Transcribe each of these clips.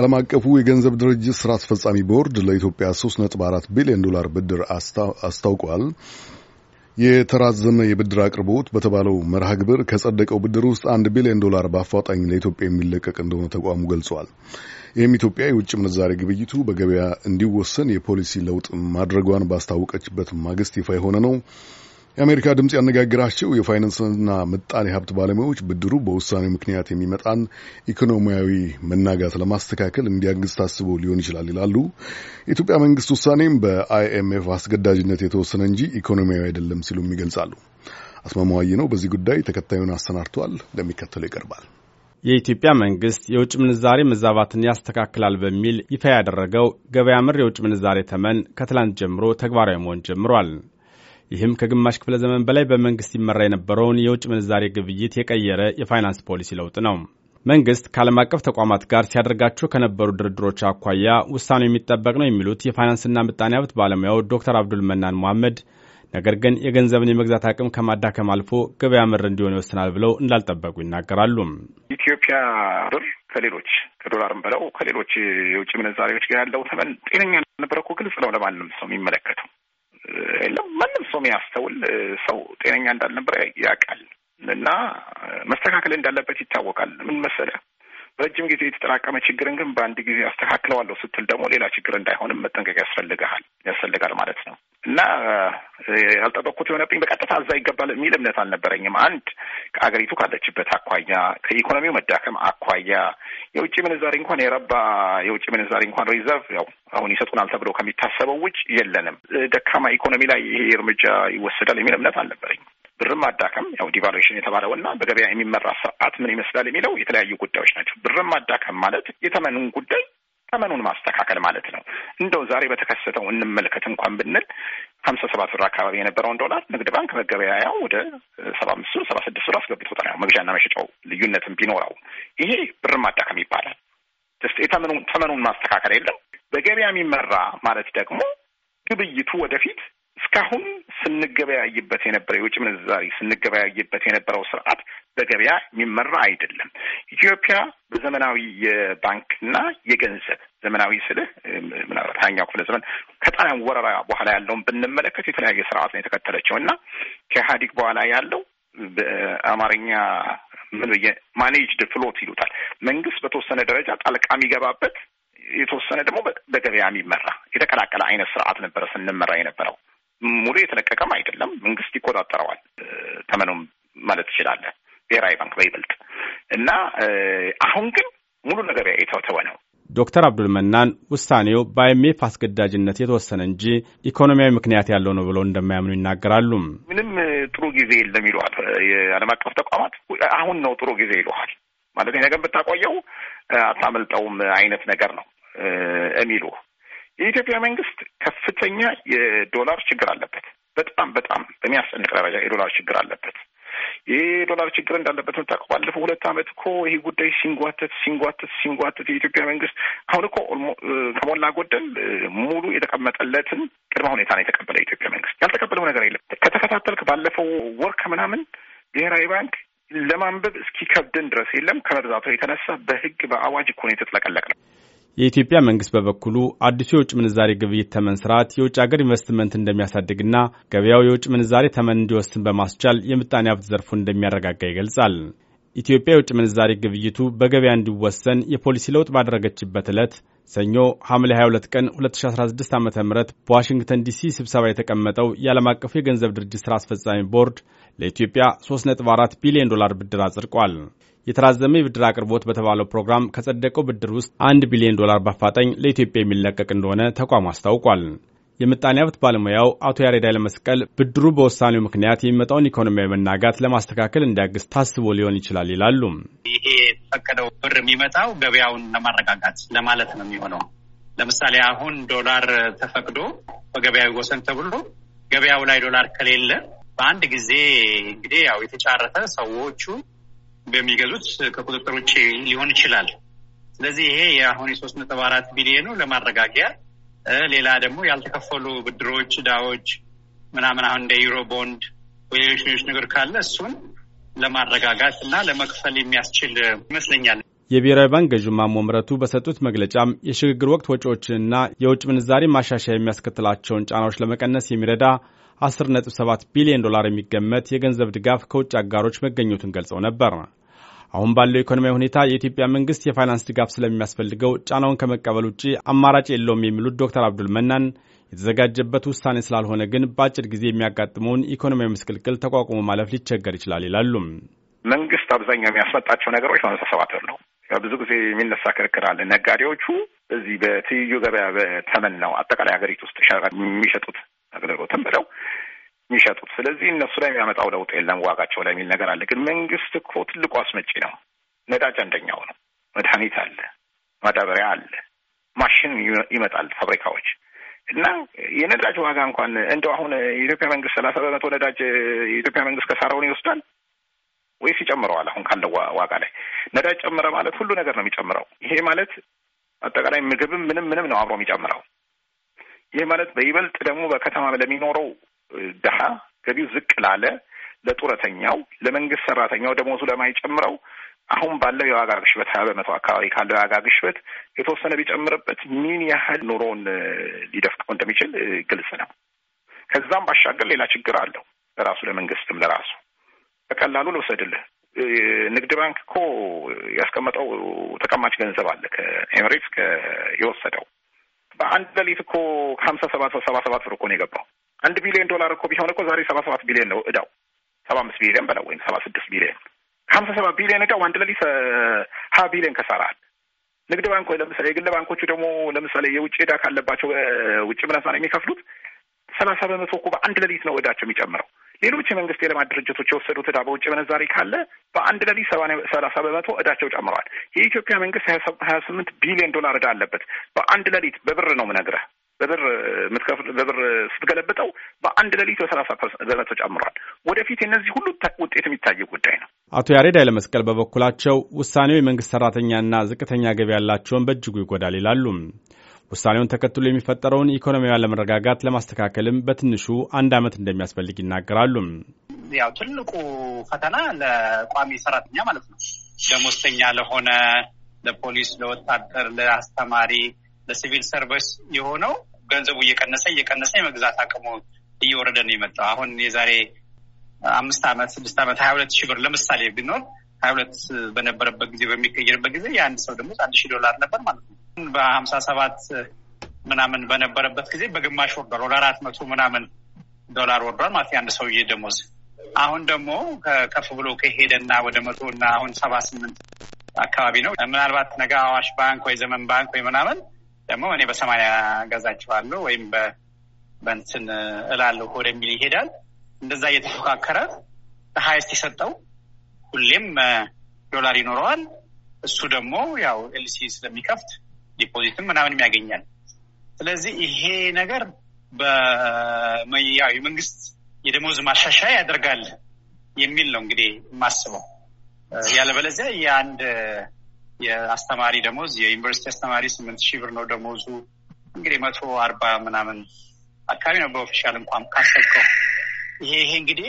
ዓለም አቀፉ የገንዘብ ድርጅት ስራ አስፈጻሚ ቦርድ ለኢትዮጵያ 3.4 ቢሊዮን ዶላር ብድር አስታውቋል። የተራዘመ የብድር አቅርቦት በተባለው መርሃ ግብር ከጸደቀው ብድር ውስጥ አንድ ቢሊዮን ዶላር በአፋጣኝ ለኢትዮጵያ የሚለቀቅ እንደሆነ ተቋሙ ገልጿል። ይህም ኢትዮጵያ የውጭ ምንዛሬ ግብይቱ በገበያ እንዲወሰን የፖሊሲ ለውጥ ማድረጓን ባስታወቀችበት ማግስት ይፋ የሆነ ነው። የአሜሪካ ድምፅ ያነጋግራቸው የፋይናንስና ምጣኔ ሀብት ባለሙያዎች ብድሩ በውሳኔው ምክንያት የሚመጣን ኢኮኖሚያዊ መናጋት ለማስተካከል እንዲያግዝ ታስቦ ሊሆን ይችላል ይላሉ። የኢትዮጵያ መንግስት ውሳኔም በአይኤምኤፍ አስገዳጅነት የተወሰነ እንጂ ኢኮኖሚያዊ አይደለም ሲሉም ይገልጻሉ። አስማማዋይ ነው በዚህ ጉዳይ ተከታዩን አሰናድተዋል፣ እንደሚከተለው ይቀርባል። የኢትዮጵያ መንግስት የውጭ ምንዛሬ መዛባትን ያስተካክላል በሚል ይፋ ያደረገው ገበያ ምር የውጭ ምንዛሬ ተመን ከትላንት ጀምሮ ተግባራዊ መሆን ጀምሯል። ይህም ከግማሽ ክፍለ ዘመን በላይ በመንግስት ይመራ የነበረውን የውጭ ምንዛሬ ግብይት የቀየረ የፋይናንስ ፖሊሲ ለውጥ ነው። መንግስት ከዓለም አቀፍ ተቋማት ጋር ሲያደርጋቸው ከነበሩ ድርድሮች አኳያ ውሳኔው የሚጠበቅ ነው የሚሉት የፋይናንስና ምጣኔ ሀብት ባለሙያው ዶክተር አብዱል መናን መሐመድ፣ ነገር ግን የገንዘብን የመግዛት አቅም ከማዳከም አልፎ ገበያ ምር እንዲሆን ይወስናል ብለው እንዳልጠበቁ ይናገራሉ። ኢትዮጵያ ብር ከሌሎች ከዶላርም በለው ከሌሎች የውጭ ምንዛሬዎች ጋር ያለው ተመን ጤነኛ ነበረ እኮ ግልጽ ነው ለማንም ሰው የሚመለከተው የለም። ማንም ሰው የሚያስተውል ሰው ጤነኛ እንዳልነበረ ያውቃል እና መስተካከል እንዳለበት ይታወቃል። ምን መሰለህ በረጅም ጊዜ የተጠራቀመ ችግርን ግን በአንድ ጊዜ አስተካክለዋለሁ ስትል ደግሞ ሌላ ችግር እንዳይሆንም መጠንቀቅ ያስፈልግሃል ያስፈልጋል ማለት ነው። እና ያልጠበቅኩት የሆነብኝ በቀጥታ እዛ ይገባል የሚል እምነት አልነበረኝም። አንድ ከአገሪቱ ካለችበት አኳያ፣ ከኢኮኖሚው መዳከም አኳያ የውጭ ምንዛሪ እንኳን የረባ የውጭ ምንዛሪ እንኳን ሪዘርቭ ያው አሁን ይሰጡናል ተብሎ ከሚታሰበው ውጭ የለንም። ደካማ ኢኮኖሚ ላይ ይሄ እርምጃ ይወሰዳል የሚል እምነት አልነበረኝም። ብርም ማዳከም ያው ዲቫሉዌሽን የተባለው እና በገበያ የሚመራ ስርዓት ምን ይመስላል የሚለው የተለያዩ ጉዳዮች ናቸው። ብርም ማዳከም ማለት የተመኑን ጉዳይ ተመኑን ማስተካከል ማለት ነው። እንደው ዛሬ በተከሰተው እንመልከት እንኳን ብንል ሀምሳ ሰባት ብር አካባቢ የነበረውን ዶላር ንግድ ባንክ መገበያያው ወደ ሰባ አምስት ብር ሰባ ስድስት ብር አስገብቶታል። ያው መግዣና መሸጫው ልዩነትም ቢኖረው ይሄ ብር ማዳከም ይባላል። ስ ተመኑን ማስተካከል የለም በገበያ የሚመራ ማለት ደግሞ ግብይቱ ወደፊት እስካሁን ስንገበያይበት የነበረ የውጭ ምንዛሪ ስንገበያይበት የነበረው ስርዓት በገበያ የሚመራ አይደለም። ኢትዮጵያ በዘመናዊ የባንክና የገንዘብ ዘመናዊ ስልህ ምናልባት ሀያኛው ክፍለ ዘመን ከጣሊያን ወረራ በኋላ ያለውን ብንመለከት የተለያየ ስርዓት ነው የተከተለችው እና ከኢህአዴግ በኋላ ያለው በአማርኛ ምን ማኔጅድ ፍሎት ይሉታል። መንግስት በተወሰነ ደረጃ ጣልቃ የሚገባበት የተወሰነ ደግሞ በገበያ የሚመራ የተቀላቀለ አይነት ስርዓት ነበረ ስንመራ የነበረው። ሙሉ የተለቀቀም አይደለም። መንግስት ይቆጣጠረዋል። ተመኖም ማለት ትችላለህ። ብሔራዊ ባንክ በይበልጥ እና አሁን ግን ሙሉ ነገር የተወተወ ነው። ዶክተር አብዱልመናን ውሳኔው በአይኤምኤፍ አስገዳጅነት የተወሰነ እንጂ ኢኮኖሚያዊ ምክንያት ያለው ነው ብለው እንደማያምኑ ይናገራሉ። ምንም ጥሩ ጊዜ የለም ይለዋል። የዓለም አቀፍ ተቋማት አሁን ነው ጥሩ ጊዜ ይለዋል። ማለት ነገር ብታቆየው አታመልጠውም አይነት ነገር ነው የሚሉ የኢትዮጵያ መንግስት ከፍተኛ የዶላር ችግር አለበት። በጣም በጣም በሚያስጨንቅ ደረጃ የዶላር ችግር አለበት። ይህ ዶላር ችግር እንዳለበት ምታቀ ባለፈው ሁለት ዓመት እኮ ይህ ጉዳይ ሲንጓተት ሲንጓተት ሲንጓተት የኢትዮጵያ መንግስት አሁን እኮ ከሞላ ጎደል ሙሉ የተቀመጠለትን ቅድመ ሁኔታ ነው የተቀበለ የኢትዮጵያ መንግስት። ያልተቀበለው ነገር የለም። ከተከታተልክ ባለፈው ወር ከምናምን ብሔራዊ ባንክ ለማንበብ እስኪከብድን ድረስ የለም ከመብዛቱ የተነሳ በህግ በአዋጅ እኮ ነው የተጥለቀለቅ ነው። የኢትዮጵያ መንግስት በበኩሉ አዲሱ የውጭ ምንዛሬ ግብይት ተመን ስርዓት የውጭ ሀገር ኢንቨስትመንት እንደሚያሳድግና ገበያው የውጭ ምንዛሬ ተመን እንዲወስን በማስቻል የምጣኔ ሀብት ዘርፉን እንደሚያረጋጋ ይገልጻል። ኢትዮጵያ የውጭ ምንዛሬ ግብይቱ በገበያ እንዲወሰን የፖሊሲ ለውጥ ባደረገችበት ዕለት ሰኞ ሐምሌ 22 ቀን 2016 ዓ ም በዋሽንግተን ዲሲ ስብሰባ የተቀመጠው የዓለም አቀፉ የገንዘብ ድርጅት ሥራ አስፈጻሚ ቦርድ ለኢትዮጵያ 3.4 ቢሊዮን ዶላር ብድር አጽድቋል። የተራዘመ የብድር አቅርቦት በተባለው ፕሮግራም ከጸደቀው ብድር ውስጥ አንድ ቢሊዮን ዶላር በአፋጣኝ ለኢትዮጵያ የሚለቀቅ እንደሆነ ተቋሙ አስታውቋል። የምጣኔ ሀብት ባለሙያው አቶ ያሬድ ኃይለመስቀል ብድሩ በውሳኔው ምክንያት የሚመጣውን ኢኮኖሚያዊ መናጋት ለማስተካከል እንዲያግዝ ታስቦ ሊሆን ይችላል ይላሉ። ይሄ የተፈቀደው ብር የሚመጣው ገበያውን ለማረጋጋት ለማለት ነው የሚሆነው። ለምሳሌ አሁን ዶላር ተፈቅዶ በገበያ ወሰን ተብሎ ገበያው ላይ ዶላር ከሌለ በአንድ ጊዜ እንግዲህ ያው የተጫረተ ሰዎቹ በሚገዙት ከቁጥጥር ውጭ ሊሆን ይችላል። ስለዚህ ይሄ የአሁን የሶስት ነጥብ አራት ቢሊዮኑ ለማረጋጊያ ሌላ ደግሞ ያልተከፈሉ ብድሮች፣ እዳዎች ምናምን አሁን እንደ ዩሮ ቦንድ ወሌሎች ሌሎች ነገር ካለ እሱን ለማረጋጋት እና ለመክፈል የሚያስችል ይመስለኛል። የብሔራዊ ባንክ ገዢ ማሞ ምህረቱ በሰጡት መግለጫም የሽግግር ወቅት ወጪዎችንና የውጭ ምንዛሬ ማሻሻያ የሚያስከትላቸውን ጫናዎች ለመቀነስ የሚረዳ 10.7 ቢሊዮን ዶላር የሚገመት የገንዘብ ድጋፍ ከውጭ አጋሮች መገኘቱን ገልጸው ነበር። አሁን ባለው ኢኮኖሚያዊ ሁኔታ የኢትዮጵያ መንግስት የፋይናንስ ድጋፍ ስለሚያስፈልገው ጫናውን ከመቀበል ውጭ አማራጭ የለውም የሚሉት ዶክተር አብዱል መናን የተዘጋጀበት ውሳኔ ስላልሆነ ግን በአጭር ጊዜ የሚያጋጥመውን ኢኮኖሚያዊ ምስቅልቅል ተቋቁሞ ማለፍ ሊቸገር ይችላል ይላሉ። መንግስት አብዛኛው የሚያስመጣቸው ነገሮች ማንሰሰብ ነው። ብዙ ጊዜ የሚነሳ ክርክር አለ። ነጋዴዎቹ እዚህ በትይዩ ገበያ በተመን ነው አጠቃላይ ሀገሪቱ ውስጥ የሚሸጡት አቅርቦትም ብለው የሚሸጡት። ስለዚህ እነሱ ላይ የሚያመጣው ለውጥ የለም ዋጋቸው ላይ የሚል ነገር አለ። ግን መንግስት እኮ ትልቁ አስመጪ ነው። ነዳጅ አንደኛው ነው። መድኃኒት አለ፣ ማዳበሪያ አለ፣ ማሽን ይመጣል ፋብሪካዎች እና የነዳጅ ዋጋ እንኳን እንደው አሁን የኢትዮጵያ መንግስት ሰላሳ በመቶ ነዳጅ የኢትዮጵያ መንግስት ከሳራውን ይወስዳል ወይስ ይጨምረዋል? አሁን ካለው ዋጋ ላይ ነዳጅ ጨምረ ማለት ሁሉ ነገር ነው የሚጨምረው። ይሄ ማለት አጠቃላይ ምግብም ምንም ምንም ነው አብሮ የሚጨምረው። ይህ ማለት በይበልጥ ደግሞ በከተማ ለሚኖረው ድሀ ገቢው ዝቅ ላለ ለጡረተኛው፣ ለመንግስት ሰራተኛው ደሞዙ ለማይጨምረው አሁን ባለው የዋጋ ግሽበት ሀያ በመቶ አካባቢ ካለው የዋጋ ግሽበት የተወሰነ ቢጨምርበት ምን ያህል ኑሮውን ሊደፍቀው እንደሚችል ግልጽ ነው። ከዛም ባሻገር ሌላ ችግር አለው ለራሱ ለመንግስትም ለራሱ በቀላሉ ልውሰድልህ። ንግድ ባንክ እኮ ያስቀመጠው ተቀማጭ ገንዘብ አለ ከኤምሬትስ የወሰደው በአንድ ሌሊት እኮ ሀምሳ ሰባት ሰባ ሰባት ብር እኮ ነው የገባው። አንድ ቢሊዮን ዶላር እኮ ቢሆን እኮ ዛሬ ሰባ ሰባት ቢሊዮን ነው እዳው፣ ሰባ አምስት ቢሊዮን በለው ወይም ሰባ ስድስት ቢሊዮን ከሀምሳ ሰባት ቢሊዮን እዳው አንድ ሌሊት ሀያ ቢሊዮን ከሰራል። ንግድ ባንኮ ለምሳሌ የግል ባንኮቹ ደግሞ ለምሳሌ የውጭ እዳ ካለባቸው ውጭ ነው የሚከፍሉት ሰላሳ በመቶ እኮ በአንድ ሌሊት ነው እዳቸው የሚጨምረው። ሌሎች የመንግስት የልማት ድርጅቶች የወሰዱት እዳ በውጭ ምንዛሬ ካለ በአንድ ለሊት ሰላሳ በመቶ እዳቸው ጨምረዋል። የኢትዮጵያ መንግስት ሀያ ስምንት ቢሊዮን ዶላር እዳ አለበት። በአንድ ለሊት በብር ነው ምነግረህ በብር ምትከፍል በብር ስትገለብጠው በአንድ ሌሊት በሰላሳ በመቶ ጨምሯል። ወደፊት የነዚህ ሁሉ ውጤት የሚታየው ጉዳይ ነው። አቶ ያሬድ ኃይለመስቀል በበኩላቸው ውሳኔው የመንግስት ሰራተኛና ዝቅተኛ ገቢ ያላቸውን በእጅጉ ይጎዳል ይላሉ። ውሳኔውን ተከትሎ የሚፈጠረውን ኢኮኖሚያዊ አለመረጋጋት ለማስተካከልም በትንሹ አንድ ዓመት እንደሚያስፈልግ ይናገራሉ። ያው ትልቁ ፈተና ለቋሚ ሰራተኛ ማለት ነው፣ ደሞዝተኛ ለሆነ ለፖሊስ፣ ለወታደር፣ ለአስተማሪ፣ ለሲቪል ሰርቪስ የሆነው ገንዘቡ እየቀነሰ እየቀነሰ የመግዛት አቅሙ እየወረደ ነው የመጣው። አሁን የዛሬ አምስት ዓመት ስድስት ዓመት ሀያ ሁለት ሺህ ብር ለምሳሌ ቢኖር ሀያ ሁለት በነበረበት ጊዜ በሚቀየርበት ጊዜ የአንድ ሰው ደሞዝ አንድ ሺህ ዶላር ነበር ማለት ነው። በሀምሳ ሰባት ምናምን በነበረበት ጊዜ በግማሽ ወርዷል። ወደ አራት መቶ ምናምን ዶላር ወርዷል ማለት የአንድ ሰውዬ ደሞዝ። አሁን ደግሞ ከፍ ብሎ ከሄደና ወደ መቶ እና አሁን ሰባ ስምንት አካባቢ ነው። ምናልባት ነገ አዋሽ ባንክ ወይ ዘመን ባንክ ወይ ምናምን ደግሞ እኔ በሰማንያ ገዛችኋለሁ ወይም በእንትን እላለሁ ወደሚል ይሄዳል። እንደዛ እየተፎካከረ ሀይስት የሰጠው ሁሌም ዶላር ይኖረዋል። እሱ ደግሞ ያው ኤልሲ ስለሚከፍት ዲፖዚትም ምናምንም ያገኛል። ስለዚህ ይሄ ነገር በመያዊ መንግስት የደሞዝ ማሻሻያ ያደርጋል የሚል ነው እንግዲህ የማስበው። ያለበለዚያ የአንድ የአስተማሪ ደሞዝ የዩኒቨርሲቲ አስተማሪ ስምንት ሺህ ብር ነው ደሞዙ። እንግዲህ መቶ አርባ ምናምን አካባቢ ነው በኦፊሻል እንኳን ካሰብከው። ይሄ ይሄ እንግዲህ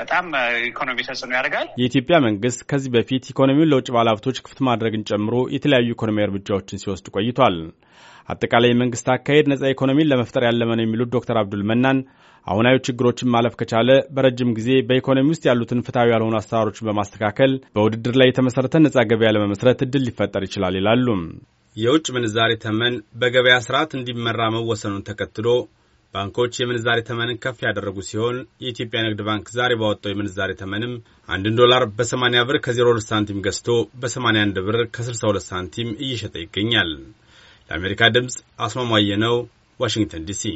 በጣም ኢኮኖሚ ተጽዕኖ ያደርጋል። የኢትዮጵያ መንግስት ከዚህ በፊት ኢኮኖሚውን ለውጭ ባለሀብቶች ክፍት ማድረግን ጨምሮ የተለያዩ ኢኮኖሚ እርምጃዎችን ሲወስድ ቆይቷል። አጠቃላይ የመንግስት አካሄድ ነጻ ኢኮኖሚን ለመፍጠር ያለመ ነው የሚሉት ዶክተር አብዱል መናን አሁናዊ ችግሮችን ማለፍ ከቻለ በረጅም ጊዜ በኢኮኖሚ ውስጥ ያሉትን ፍትሐዊ ያልሆኑ አሰራሮችን በማስተካከል በውድድር ላይ የተመሰረተ ነጻ ገበያ ለመመስረት እድል ሊፈጠር ይችላል ይላሉ። የውጭ ምንዛሬ ተመን በገበያ ስርዓት እንዲመራ መወሰኑን ተከትሎ ባንኮች የምንዛሬ ተመንን ከፍ ያደረጉ ሲሆን የኢትዮጵያ ንግድ ባንክ ዛሬ ባወጣው የምንዛሬ ተመንም አንድን ዶላር በ80 ብር ከ02 ሳንቲም ገዝቶ በ81 ብር ከ62 ሳንቲም እየሸጠ ይገኛል። ለአሜሪካ ድምፅ አስማማየ ነው፣ ዋሽንግተን ዲሲ